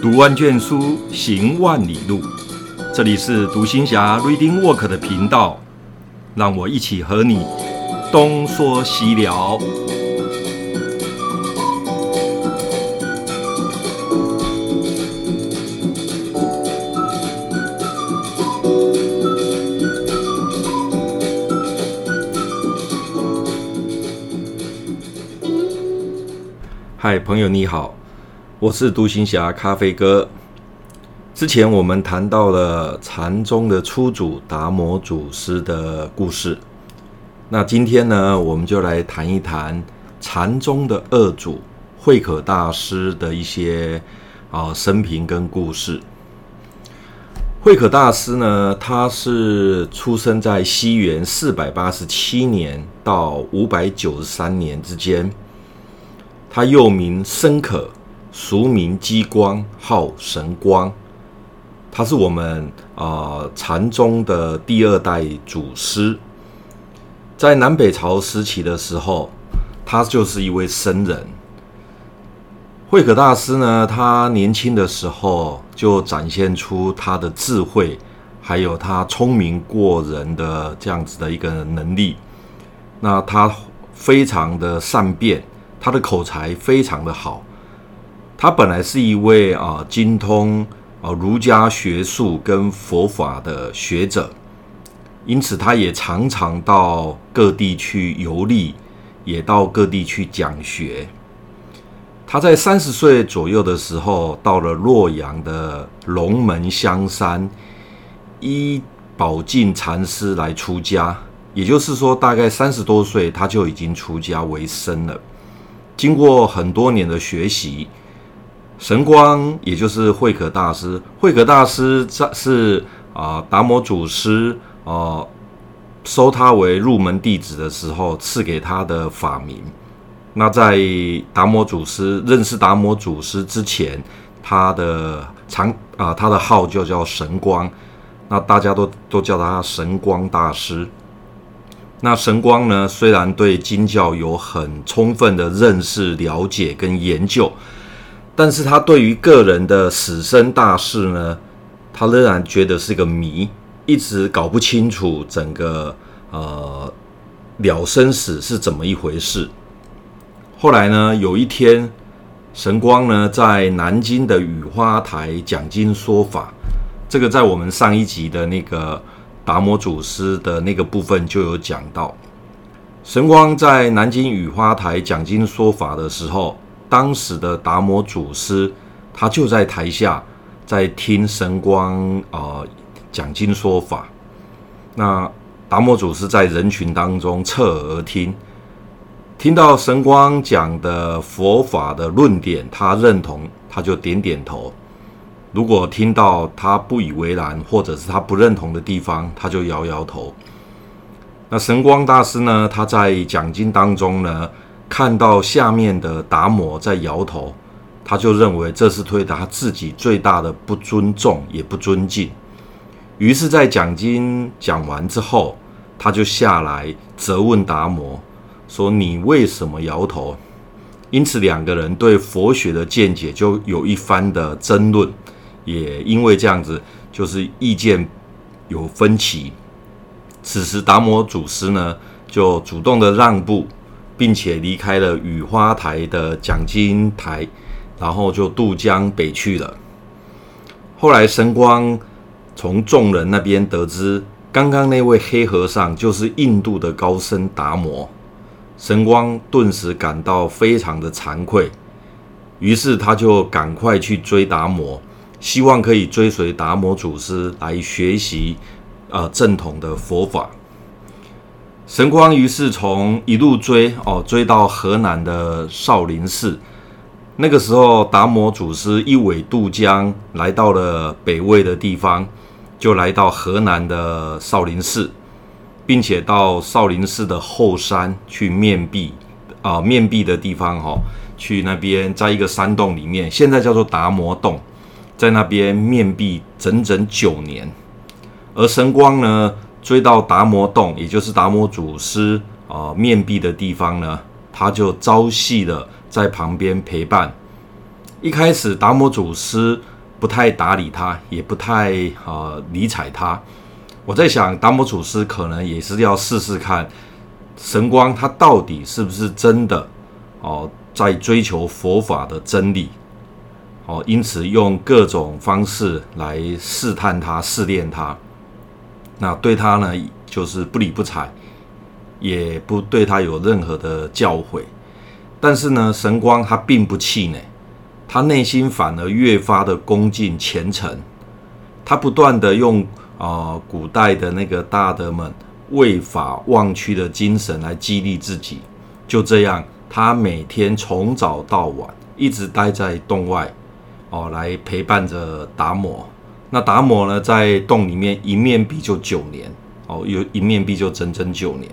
讀萬卷書，行萬里路。這裡是獨行俠 Reading Walk 的頻道，讓我一起和你東說西聊。嗨，朋友你好，我是獨行俠咖啡哥。之前我們談到了禪宗的初祖達摩祖師的故事，那今天呢，我們就來談一談禪宗的二祖慧可大師的一些啊、呃、生平跟故事。慧可大師呢，他是出生在西元四百八十七年到五百九十三年之間。他又名僧可，俗名姬光，號神光。他是我們啊、呃、禪宗的第二代祖師。在南北朝時期的時候，他就是一位僧人。慧可大師呢，他年輕的時候就展現出他的智慧，還有他聰明過人的這樣子的一個能力。那他非常的善辯。他的口才非常的好，他本來是一位啊精通啊儒家學術跟佛法的學者，因此他也常常到各地去遊歷，也到各地去講學。他在三十歲左右的時候，到了洛陽的龍門香山，依寶靜禪師來出家，也就是說，大概三十多歲，他就已經出家為僧了。經過很多年的學習，神光也就是慧可大師。慧可大師在是啊、呃，達摩祖師啊、呃、收他為入門弟子的時候賜給他的法名。那在達摩祖師認識達摩祖師之前，他的長啊、呃、他的號就叫神光。那大家都都叫他神光大師。那神光呢，雖然對經教有很充分的認識、了解跟研究，但是他對於個人的死生大事呢，他仍然覺得是個謎，一直搞不清楚整個呃了生死是怎麼一回事。後來呢，有一天，神光呢，在南京的雨花台講經說法，這個在我們上一集的那個。達摩祖師的那個部分就有講到，神光在南京雨花台講經說法的時候，當時的達摩祖師他就在台下在聽神光啊、呃、講經說法。那達摩祖師在人群當中側耳聽，聽到神光講的佛法的論點，他認同，他就點點頭。如果聽到他不以為然，或者是他不認同的地方，他就搖搖頭。那神光大師呢？他在講經當中呢，看到下面的達摩在搖頭，他就認為這是對他自己最大的不尊重，也不尊敬。於是，在講經講完之後，他就下來責問達摩說：“你為什麼搖頭？”因此，兩個人對佛學的見解就有一番的爭論。也因為這樣子，就是意見有分歧。此時達摩祖師呢，就主動的讓步，並且離開了雨花台的講經台，然後就渡江北去了。後來神光從眾人那邊得知，剛剛那位黑和尚就是印度的高僧達摩，神光頓時感到非常的慚愧，於是他就趕快去追達摩。希望可以追隨達摩祖師來學習，呃，正統的佛法。神光於是從一路追哦，追到河南的少林寺。那個時候，達摩祖師一葦渡江，來到了北魏的地方，就來到河南的少林寺，並且到少林寺的後山去面壁。啊、呃，面壁的地方哈、哦，去那邊，在一個山洞裡面，現在叫做達摩洞。在那邊面壁整整九年，而神光呢，追到達摩洞，也就是達摩祖師啊、呃、面壁的地方呢，他就朝夕的在旁邊陪伴。一開始達摩祖師不太搭理他，也不太啊、呃、理睬他。我在想，達摩祖師可能也是要試試看，神光他到底是不是真的哦、呃、在追求佛法的真理。哦，因此用各種方式來試探他、試煉他。那對他呢，就是不理不睬，也不對他有任何的教誨。但是呢，神光他並不氣餒，他內心反而越發的恭敬虔誠。他不斷的用啊、呃，古代的那個大德們為法忘軀的精神來激勵自己。就這樣，他每天從早到晚，一直待在洞外。哦，來陪伴着達摩。那達摩呢，在洞裡面一面壁就九年，哦，有一面壁就整整九年。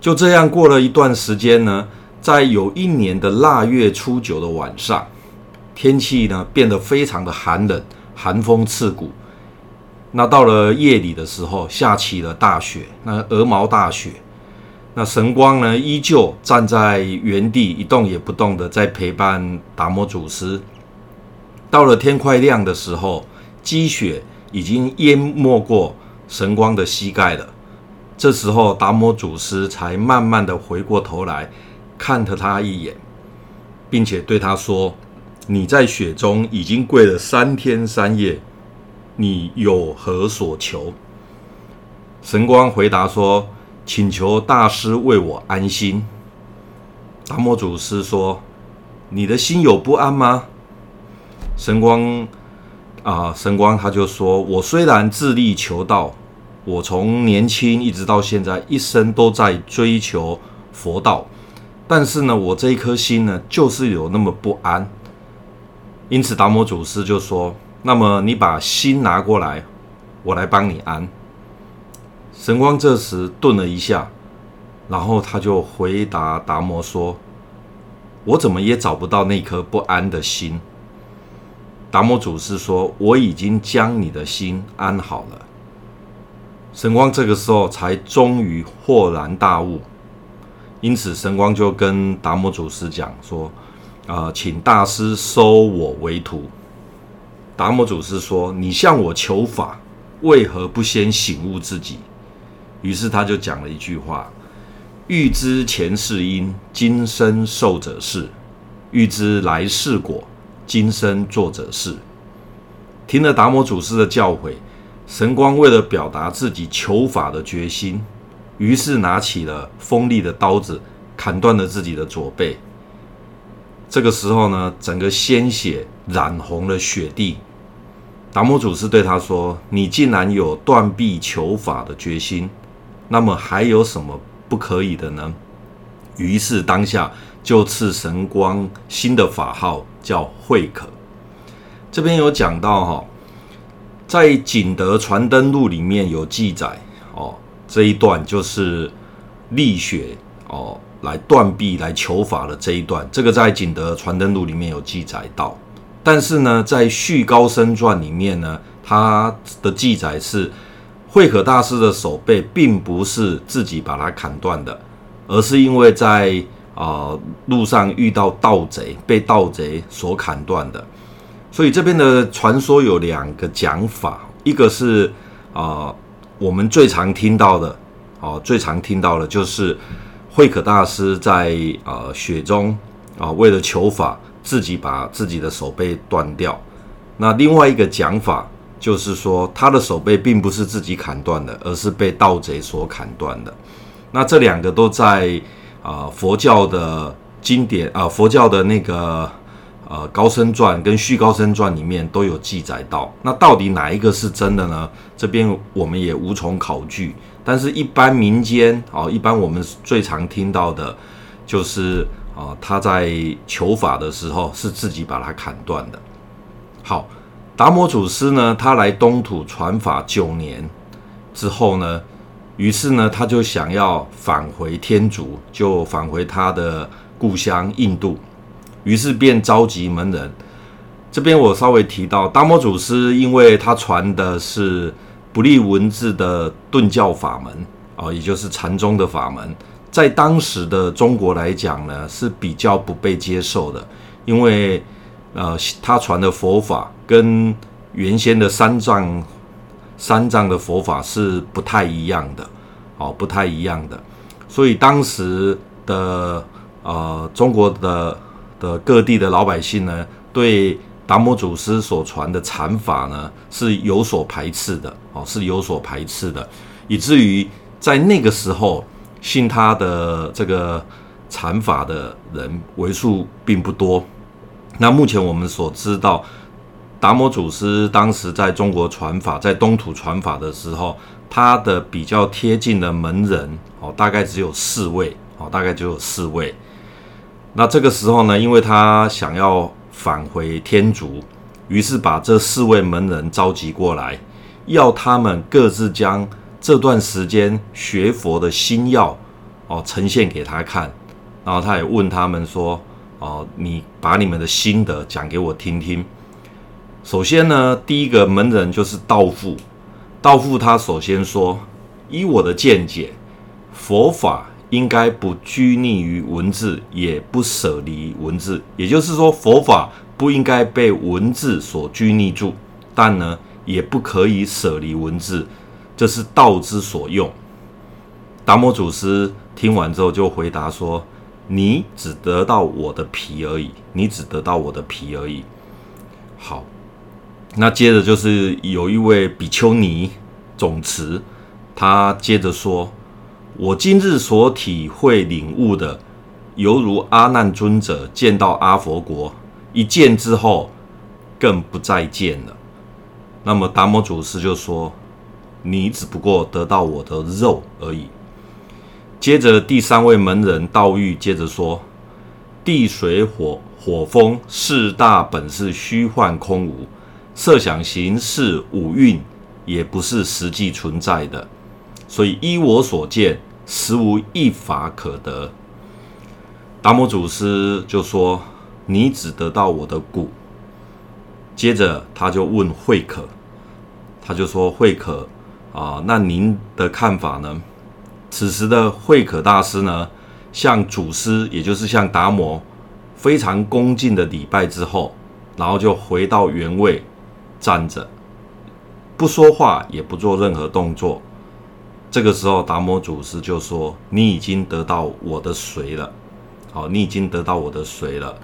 就這樣過了一段時間呢，在有一年的臘月初九的晚上，天氣呢變得非常的寒冷，寒風刺骨。那到了夜裡的時候，下起了大雪，那鵝毛大雪。那神光呢，依舊站在原地一動也不動的在陪伴達摩祖師。到了天快亮的時候，積雪已經淹沒過神光的膝蓋了。這時候，達摩祖師才慢慢地回過頭來看了他一眼，並且對他說：“你在雪中已經跪了三天三夜，你有何所求？”神光回答說：“請求大師為我安心。”達摩祖師說：“你的心有不安嗎？”神光啊、呃，神光他就說：“我雖然自力求道，我從年輕一直到現在，一生都在追求佛道，但是呢，我這一顆心呢，就是有那麼不安。因此，達摩祖師就說：‘那麼你把心拿過來，我來幫你安。’神光這時頓了一下，然後他就回答達摩說：‘我怎麼也找不到那顆不安的心。’達摩祖師說：“我已經將你的心安好了。”神光這個時候才終於豁然大悟，因此神光就跟達摩祖師講說：“啊、呃，請大師收我為徒。”達摩祖師說：“你向我求法，為何不先醒悟自己？”於是他就講了一句話：“欲知前世因，今生受者是；欲知來世果。”今生作者是。聽了達摩祖師的教誨，神光為了表達自己求法的決心，於是拿起了鋒利的刀子，砍斷了自己的左臂。這個時候呢，整個鮮血染紅了雪地。達摩祖師對他說：“你既然有斷臂求法的決心，那麼還有什麼不可以的呢？”於是當下就賜神光新的法號。叫慧可，這邊有講到哈，在《景德傳燈錄》裡面有記載哦，這一段就是立雪哦，來斷臂來求法的這一段，這個在《景德傳燈錄》裡面有記載到。但是呢，在《續高僧傳》裡面呢，他的記載是慧可大師的手臂並不是自己把它砍斷的，而是因為在啊、呃，路上遇到盜賊，被盜賊所砍斷的。所以這邊的傳說有兩個講法，一個是啊、呃，我們最常聽到的，哦、呃，最常聽到的就是慧可大師在啊、呃、雪中啊、呃、為了求法，自己把自己的手背斷掉。那另外一個講法就是說，他的手背並不是自己砍斷的，而是被盜賊所砍斷的。那這兩個都在。啊、呃，佛教的經典啊、呃，佛教的那個呃高僧傳跟續高僧傳裡面都有記載到，那到底哪一個是真的呢？這邊我們也無從考據，但是一般民間啊、呃，一般我們最常聽到的就是啊、呃，他在求法的時候是自己把他砍斷的。好，達摩祖師呢，他來東土傳法九年之後呢。於是呢，他就想要返回天竺，就返回他的故鄉印度。於是便召集門人。這邊我稍微提到，達摩祖師，因為他傳的是不立文字的頓教法門，哦，也就是禪宗的法門，在當時的中國來講呢，是比較不被接受的，因為呃，他傳的佛法跟原先的三藏。三藏的佛法是不太一樣的，哦，不太一樣的，所以當時的呃中國的的各地的老百姓呢，對達摩祖師所傳的禪法呢是有所排斥的，哦，是有所排斥的，以至於在那個時候信他的這個禪法的人為數並不多。那目前我們所知道。達摩祖師當時在中國傳法，在東土傳法的時候，他的比較貼近的門人哦，大概只有四位哦，大概只有四位。那這個時候呢，因為他想要返回天竺，於是把這四位門人召集過來，要他們各自將這段時間學佛的心要哦呈現給他看，然後他也問他們說：“哦，你把你們的心得講給我聽聽。”首先呢，第一個門人就是道副，道副他首先說：“以我的見解，佛法應該不拘泥於文字，也不捨離文字。也就是說，佛法不應該被文字所拘泥住，但呢，也不可以捨離文字，這是道之所用。”達摩祖師聽完之後就回答說：“你只得到我的皮而已，你只得到我的皮而已。”好。那接着就是有一位比丘尼總持，他接着說：“我今日所體會領悟的，猶如阿難尊者見到阿佛國一見之後，更不再見了。”那麼達摩祖師就說：“你只不過得到我的肉而已。”接着第三位門人道育接着說：“地水火火風四大本是虛幻空無。”設想形式五蘊，也不是實際存在的，所以依我所見，實無一法可得。達摩祖師就說：“你只得到我的骨。”接着他就問慧可，他就說：“慧可啊、呃，那您的看法呢？”此時的慧可大師呢，向祖師，也就是向達摩，非常恭敬的禮拜之後，然後就回到原位。站着，不說話，也不做任何動作。這個時候，達摩祖師就說：“你已經得到我的髓了。哦”好，你已經得到我的髓了。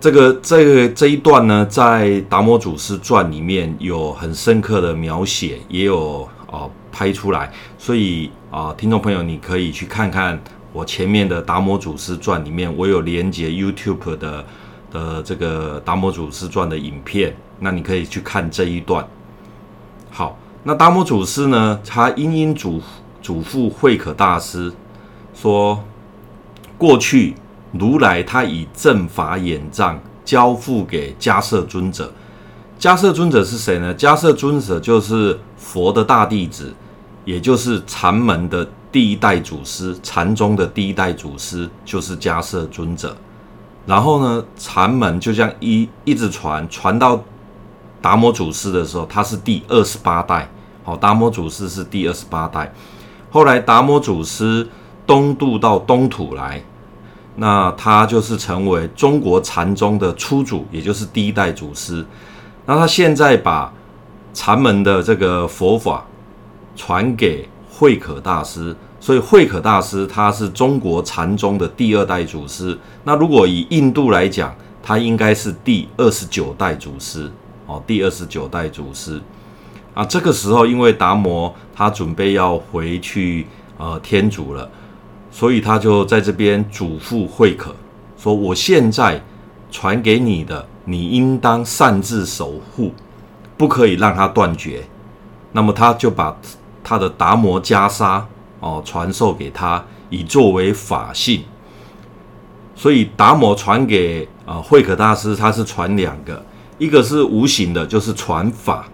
這個這個、這一段呢，在《達摩祖師傳》裡面有很深刻的描寫，也有啊、呃、拍出來。所以啊、呃，聽眾朋友，你可以去看看我前面的《達摩祖師傳》裡面，我有連接 YouTube 的。的這個《達摩祖師傳》的影片，那你可以去看這一段。好，那達摩祖師呢，他殷殷囑囑咐慧可大師說：過去如來他以正法眼藏交付給迦葉尊者。迦葉尊者是誰呢？迦葉尊者就是佛的大弟子，也就是禪門的第一代祖師，禪宗的第一代祖師就是迦葉尊者。然後呢，禪門就像一一直傳，傳到達摩祖師的時候，他是第二十八代。好、哦，達摩祖師是第二十八代。後來達摩祖師東渡到東土來，那他就是成為中國禪宗的初祖，也就是第一代祖師。那他現在把禪門的這個佛法傳給慧可大師。所以慧可大師他是中國禪宗的第二代祖師。那如果以印度來講，他應該是第二十九代祖師哦，第二十九代祖師。啊，這個時候因為達摩他準備要回去呃天竺了，所以他就在這邊囑咐慧可說：“我現在傳給你的，你應當善自守護，不可以讓他斷絕。”那麼他就把他的達摩袈裟。哦，傳授給他以作為法信，所以達摩傳給啊、呃、慧可大師，他是傳兩個，一個是無形的，就是傳法，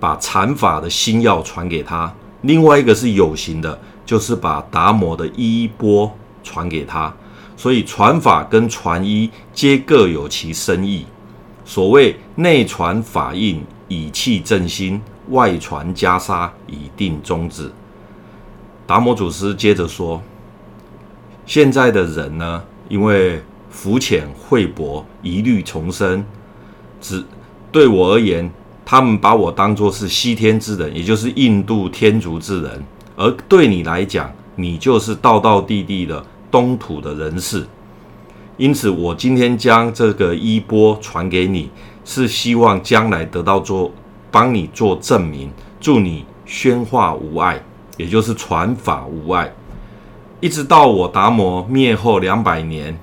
把禪法的心要傳給他，另外一個是有形的，就是把達摩的衣缽傳給他。所以傳法跟傳衣，皆各有其深意。所謂內傳法印，以氣正心，外傳袈裟，以定宗旨。達摩祖師接着說：“現在的人呢，因為浮淺、慧薄、疑慮叢生，只對我而言，他們把我當作是西天之人，也就是印度天竺之人；而對你來講，你就是道道地地的東土的人士。因此，我今天將這個衣缽傳給你，是希望將來得到做，幫你做證明，祝你宣化無礙。”也就是傳法無礙，一直到我達摩滅後兩百年，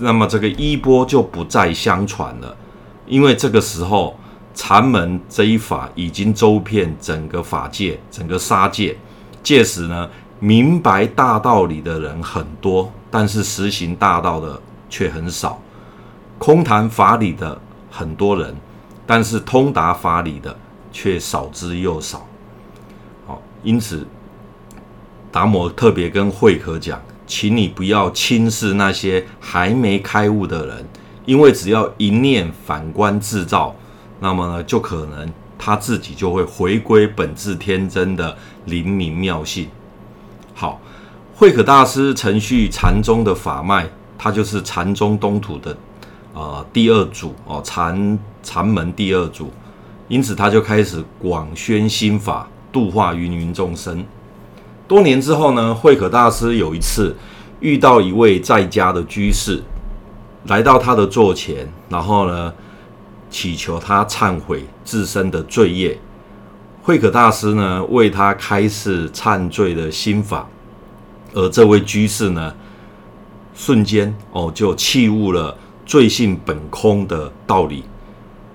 那麼這個衣缽就不再相傳了。因為這個時候禪門這一法已經周遍整個法界，整個沙界。屆時呢，明白大道理的人很多，但是實行大道的卻很少；空談法理的很多人，但是通達法理的卻少之又少。好，因此。達摩特別跟慧可講：“請你不要輕視那些還沒開悟的人，因為只要一念反觀自照，那麼就可能他自己就會回歸本質天真的靈明妙性。”好，慧可大師承續禪宗的法脈，他就是禪宗東土的啊、呃、第二祖哦，禪禪門第二祖，因此他就開始廣宣心法，度化芸芸眾生。多年之後呢，慧可大師有一次遇到一位在家的居士，來到他的座前，然後呢，祈求他懺悔自身的罪業。慧可大師呢為他開示懺罪的心法，而這位居士呢瞬間哦就契悟了罪性本空的道理。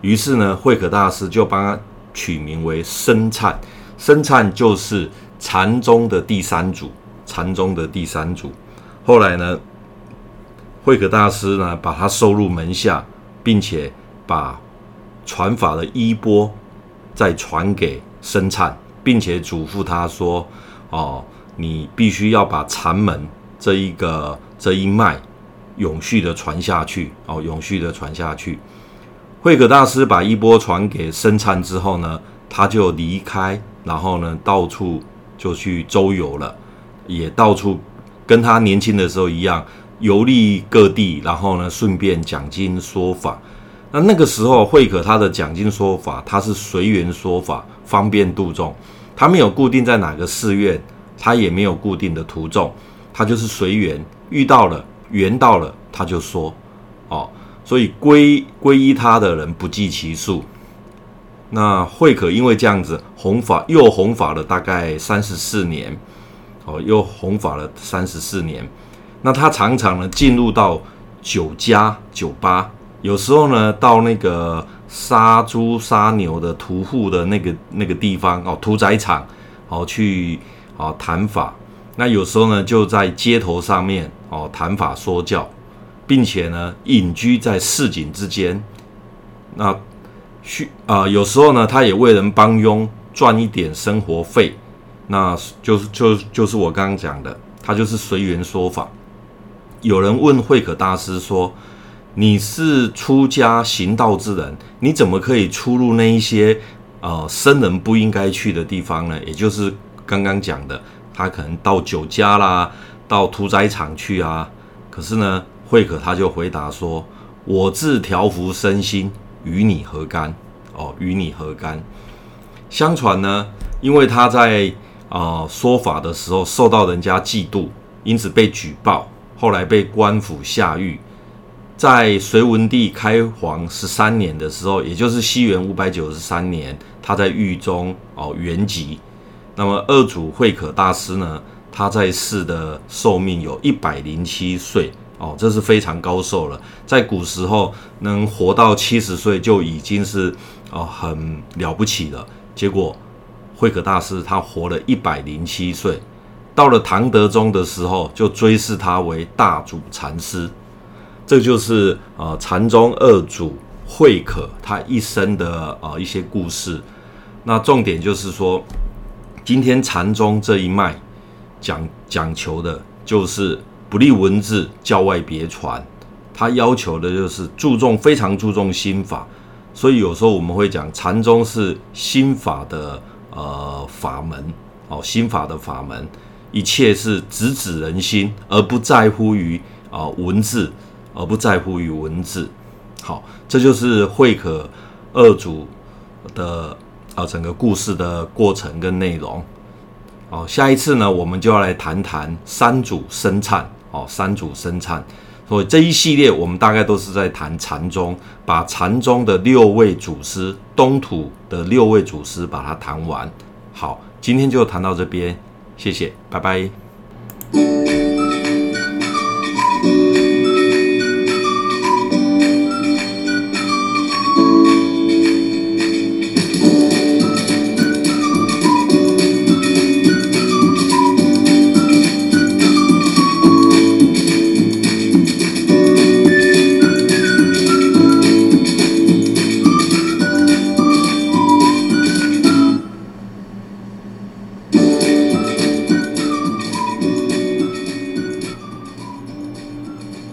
於是呢，慧可大師就幫他取名為僧璨，僧璨就是。禪宗的第三祖，禪宗的第三祖，後來呢，慧可大師呢把他收入門下，並且把傳法的衣缽再傳給僧璨，並且囑咐他說：“哦，你必須要把禪門這一個這一脈永續的傳下去，哦，永續的傳下去。”慧可大師把衣缽傳給僧璨之後呢，他就離開，然後呢，到處。就去周遊了，也到處跟他年輕的時候一樣遊歷各地，然後呢，順便講經說法。那那個時候慧可他的講經說法，他是隨緣說法，方便度眾，他沒有固定在哪個寺院，他也沒有固定的徒眾，他就是隨緣，遇到了緣到了他就說，哦，所以皈皈依他的人不計其數。那慧可因為這樣子弘法，又弘法了大概三十四年，哦，又弘法了三十四年。那他常常呢進入到酒家、酒吧，有時候呢到那個殺豬殺牛的屠戶的那個那個地方哦，屠宰場，哦去哦談法。那有時候呢就在街頭上面哦談法說教，並且呢隱居在市井之間，那。去啊、呃，有時候呢，他也為人幫傭賺一點生活費，那就是就就是我剛剛講的，他就是隨緣說法。有人問慧可大師說：“你是出家行道之人，你怎麼可以出入那一些呃僧人不應該去的地方呢？”也就是剛剛講的，他可能到酒家啦，到屠宰場去啊。可是呢，慧可他就回答說：“我自調伏身心。”與你何干？哦，與你何干？相傳呢，因為他在啊、呃、說法的時候受到人家嫉妒，因此被舉報，後來被官府下獄，在隋文帝開皇十三年的時候，也就是西元五百九十三年，他在獄中哦圓寂。那麼二祖慧可大師呢，他在世的壽命有一百零七歲。哦，這是非常高壽了。在古時候，能活到七十歲就已經是，呃、哦，很了不起了。結果，慧可大師他活了一百零七歲，到了唐德宗的時候，就追諡他為大祖禪師。這就是啊，呃、禪宗二祖慧可他一生的啊、呃、一些故事。那重點就是說，今天禪宗這一脈講講求的就是。不立文字，教外別傳，他要求的就是注重，非常注重心法，所以有時候我們會講禪宗是心法的呃法門哦，心法的法門，一切是直指人心，而不在乎於啊、呃、文字，而不在乎於文字。好，這就是慧可二祖的啊、呃、整個故事的過程跟內容。好、哦，下一次呢，我們就要來談談三祖僧璨。哦，三祖僧璨。所以這一系列我們大概都是在談禪宗，把禪宗的六位祖師，東土的六位祖師，把它談完。好，今天就談到這邊，謝謝，拜拜。